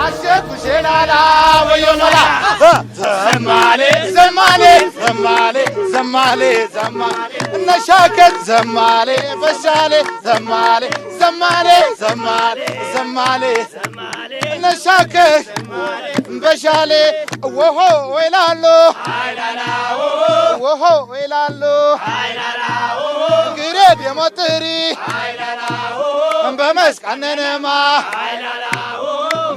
አሸኩሽናላ ወዮኖላ ዘማሌ ዘማሌ ዘማሌ ዘማሌ ዘማሌ እነሻከት ዘማሌ ፈሻሌ ዘማሌ ዘማሌ ዘማሌ ዘማሌ እነሻከት በሻሌ ወሆ ይላሉ ወሆ ይላሉ ግሬድ የሞጥሪ በመስቃነነማ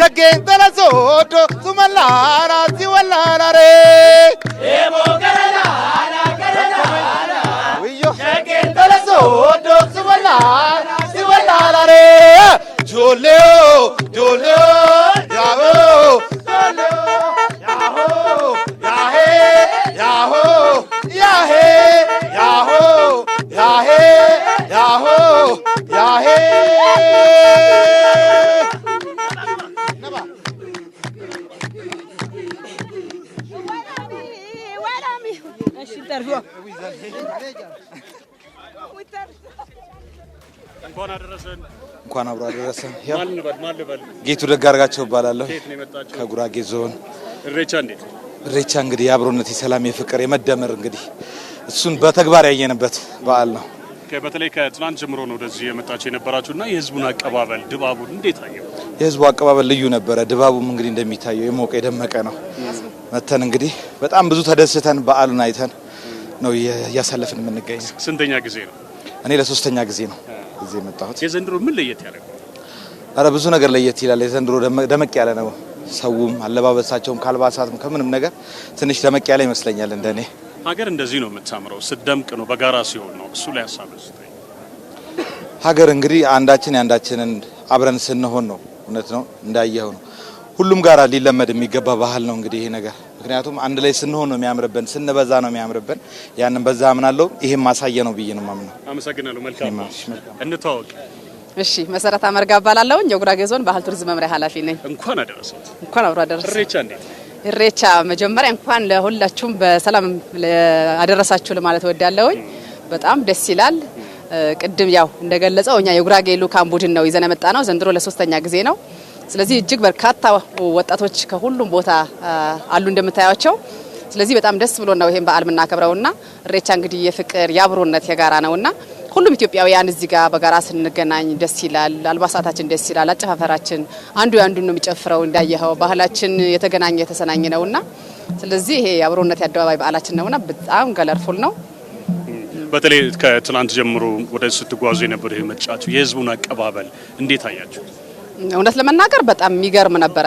ಶಗ್ಗೆಂತಲ ಸೋಟು ಸುಮಲ್ಲಾರ ಶಿವಲ್ಲಾರೇ ಅಯ್ಯೋ ಶಗ್ಗೆಂತಲ ಸೋಟು ಸುಮಲ್ಲಾರ ಶಿವಲ್ಲಾರೇ ಜೋಲೋ ಜೋಲೋ ಯಾವೋ ಯಾಹೋ ಯಾಹೇ ಯಾಹೋ ಯಾಹೇ ಯಾಹೋ ಯಾಹೇ ಯಾಹೋ ಯಾಹೇ እንኳን አደረሰን። እንኳን አብሮ አደረሰ። ጌቱ ደግ እባላለሁ ከጉራጌ ዞን። እሬቻ እንዴት እሬቻ እንግዲህ የአብሮነት የሰላም የፍቅር የመደመር እንግዲህ እሱን በተግባር ያየንበት በዓል ነው። በተለይ ከትናንት ጀምሮ ነው ወደዚህ የመጣችሁ የነበራችሁ እና የህዝቡን አቀባበል ድባቡን እንዴት አየው? የህዝቡ አቀባበል ልዩ ነበረ። ድባቡም እንግዲህ እንደሚታየው የሞቀ የደመቀ ነው። መተን እንግዲህ በጣም ብዙ ተደስተን በዓሉን አይተን ነው እያሳለፍን የምንገኝ። ስንተኛ ጊዜ ነው? እኔ ለሶስተኛ ጊዜ ነው እዚህ የመጣሁት። የዘንድሮ ምን ለየት ያለ? አረ ብዙ ነገር ለየት ይላል። የዘንድሮ ደመቅ ያለ ነው። ሰውም አለባበሳቸውም ከአልባሳትም ከምንም ነገር ትንሽ ደመቅ ያለ ይመስለኛል። እንደኔ ሀገር እንደዚህ ነው የምታምረው፣ ስደምቅ ነው በጋራ ሲሆን ነው። እሱ ላይ ሀሳብ ሀገር እንግዲህ አንዳችን የአንዳችንን አብረን ስንሆን ነው። እውነት ነው፣ እንዳየኸው ነው ሁሉም ጋራ ሊለመድ የሚገባ ባህል ነው እንግዲህ ይሄ ነገር። ምክንያቱም አንድ ላይ ስንሆን ነው የሚያምርብን፣ ስንበዛ ነው የሚያምርብን። ያንን በዛ አምናለሁ። ይሄም ማሳየ ነው ብዬ ነው ማምነው። አመሰግናለሁ። መልካም እንተዋወቅ። እሺ መሰረት አመርጋ እባላለሁኝ የጉራጌ ዞን ባህል ቱሪዝም መምሪያ ኃላፊ ነኝ። እንኳን አደረሰት። እንኳን አብሮ አደረሰት። ሬቻ እንዴት ኢሬቻ መጀመሪያ እንኳን ለሁላችሁም በሰላም አደረሳችሁ ለማለት እወዳለሁኝ። በጣም ደስ ይላል። ቅድም ያው እንደገለጸው እኛ የጉራጌ ልኡካን ቡድን ነው ይዘን የመጣ ነው። ዘንድሮ ለሶስተኛ ጊዜ ነው ስለዚህ እጅግ በርካታ ወጣቶች ከሁሉም ቦታ አሉ እንደምታያቸው። ስለዚህ በጣም ደስ ብሎ ነው ይሄን በዓል የምናከብረውና እሬቻ እንግዲህ የፍቅር የአብሮነት የጋራ ነውና ሁሉም ኢትዮጵያውያን እዚህ ጋር በጋራ ስንገናኝ ደስ ይላል። አልባሳታችን ደስ ይላል። አጨፋፈራችን አንዱ ያንዱን ነው የሚጨፍረው። እንዳየኸው ባህላችን የተገናኘ የተሰናኘ ነውና ስለዚህ ይሄ የአብሮነት የአደባባይ በዓላችን ነውና በጣም ገለርፉል ነው። በተለይ ከትናንት ጀምሮ ወደ ስትጓዙ የነበረ መጫቸው የህዝቡን አቀባበል እንዴት አያቸው? እውነት ለመናገር በጣም የሚገርም ነበረ።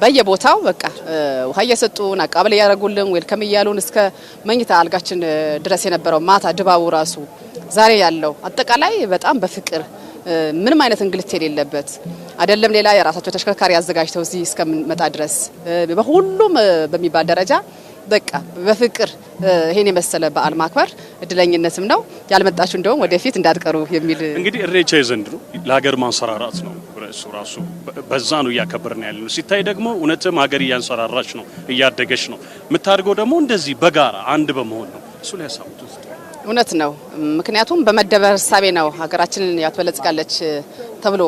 በየቦታው በቃ ውሃ እየሰጡን አቀባበል እያደረጉልን ዌልከም እያሉን እስከ መኝታ አልጋችን ድረስ የነበረው ማታ ድባቡ ራሱ ዛሬ ያለው አጠቃላይ በጣም በፍቅር ምንም አይነት እንግልት የሌለበት አይደለም። ሌላ የራሳቸው ተሽከርካሪ አዘጋጅተው እዚህ እስከምንመጣ ድረስ በሁሉም በሚባል ደረጃ በቃ በፍቅር ይሄን የመሰለ በዓል ማክበር እድለኝነትም ነው። ያልመጣችሁ እንደውም ወደፊት እንዳትቀሩ የሚል እንግዲህ እሬቻ የዘንድሮ ለሀገር ማንሰራራት ነው እሱ ራሱ በዛ ነው እያከበርን ያለ ነው። ሲታይ ደግሞ እውነትም ሀገር እያንሰራራች ነው፣ እያደገች ነው። የምታድገው ደግሞ እንደዚህ በጋራ አንድ በመሆን ነው። እሱ ላይ ያሳውቱ። እውነት ነው። ምክንያቱም በመደበር እሳቤ ነው ሀገራችንን ያትበለጽጋለች ተብሎ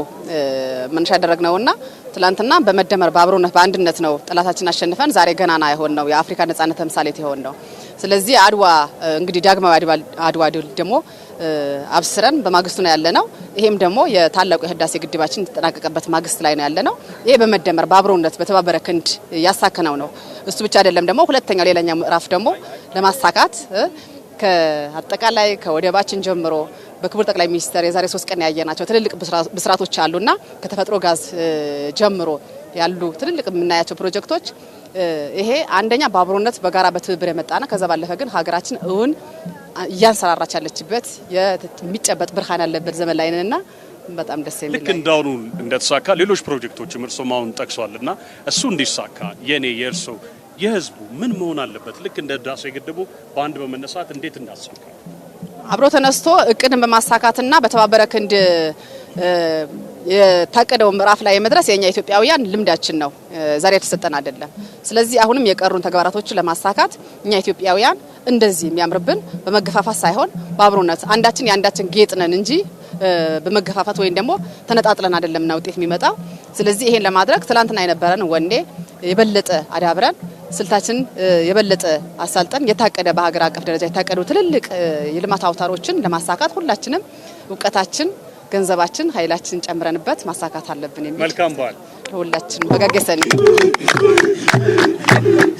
መነሻ ያደረግነውና ትላንትና በመደመር በአብሮነት በአንድነት ነው ጠላታችን አሸንፈን ዛሬ ገናና የሆን ነው የአፍሪካ ነጻነት ተምሳሌት የሆን ነው። ስለዚህ አድዋ እንግዲህ ዳግማዊ አድዋ ድል ደግሞ አብስረን በማግስቱ ነው ያለ ነው። ይሄም ደግሞ የታላቁ የህዳሴ ግድባችን የተጠናቀቀበት ማግስት ላይ ነው ያለ ነው። ይሄ በመደመር በአብሮነት በተባበረ ክንድ ያሳከነው ነው። እሱ ብቻ አይደለም ደግሞ ሁለተኛው ሌላኛው ምዕራፍ ደግሞ ለማሳካት ከአጠቃላይ ከወደባችን ጀምሮ በክቡር ጠቅላይ ሚኒስትር የዛሬ ሶስት ቀን ያየናቸው ትልልቅ ብስራቶች አሉና ከተፈጥሮ ጋዝ ጀምሮ ያሉ ትልልቅ የምናያቸው ፕሮጀክቶች ይሄ አንደኛ በአብሮነት በጋራ በትብብር የመጣና ከዛ ባለፈ ግን ሀገራችን እውን እያንሰራራች ያለችበት የሚጨበጥ ብርሃን ያለበት ዘመን ላይ ነንና በጣም ደስ የሚል ልክ እንዳሁኑ እንደተሳካ ሌሎች ፕሮጀክቶችም እርስዎም አሁን ጠቅሷልና እሱ እንዲሳካ የእኔ የእርስዎ የህዝቡ ምን መሆን አለበት? ልክ እንደ ህዳሴ ግድቡ በአንድ በመነሳት እንዴት እናሳካ? አብሮ ተነስቶ እቅድን በማሳካትና በተባበረ ክንድ የታቀደው ምዕራፍ ላይ መድረስ የኛ ኢትዮጵያውያን ልምዳችን ነው። ዛሬ የተሰጠን አይደለም። ስለዚህ አሁንም የቀሩን ተግባራቶችን ለማሳካት እኛ ኢትዮጵያውያን እንደዚህ የሚያምርብን በመገፋፋት ሳይሆን በአብሮነት አንዳችን የአንዳችን ጌጥ ነን እንጂ በመገፋፋት ወይም ደግሞ ተነጣጥለን አይደለም ውጤት የሚመጣው። ስለዚህ ይሄን ለማድረግ ትላንትና የነበረን ወኔ የበለጠ አዳብረን ስልታችን የበለጠ አሳልጠን የታቀደ በሀገር አቀፍ ደረጃ የታቀዱ ትልልቅ የልማት አውታሮችን ለማሳካት ሁላችንም እውቀታችን፣ ገንዘባችን፣ ኃይላችን ጨምረንበት ማሳካት አለብን የሚል መልካም በዓል ሁላችን በጋገሰን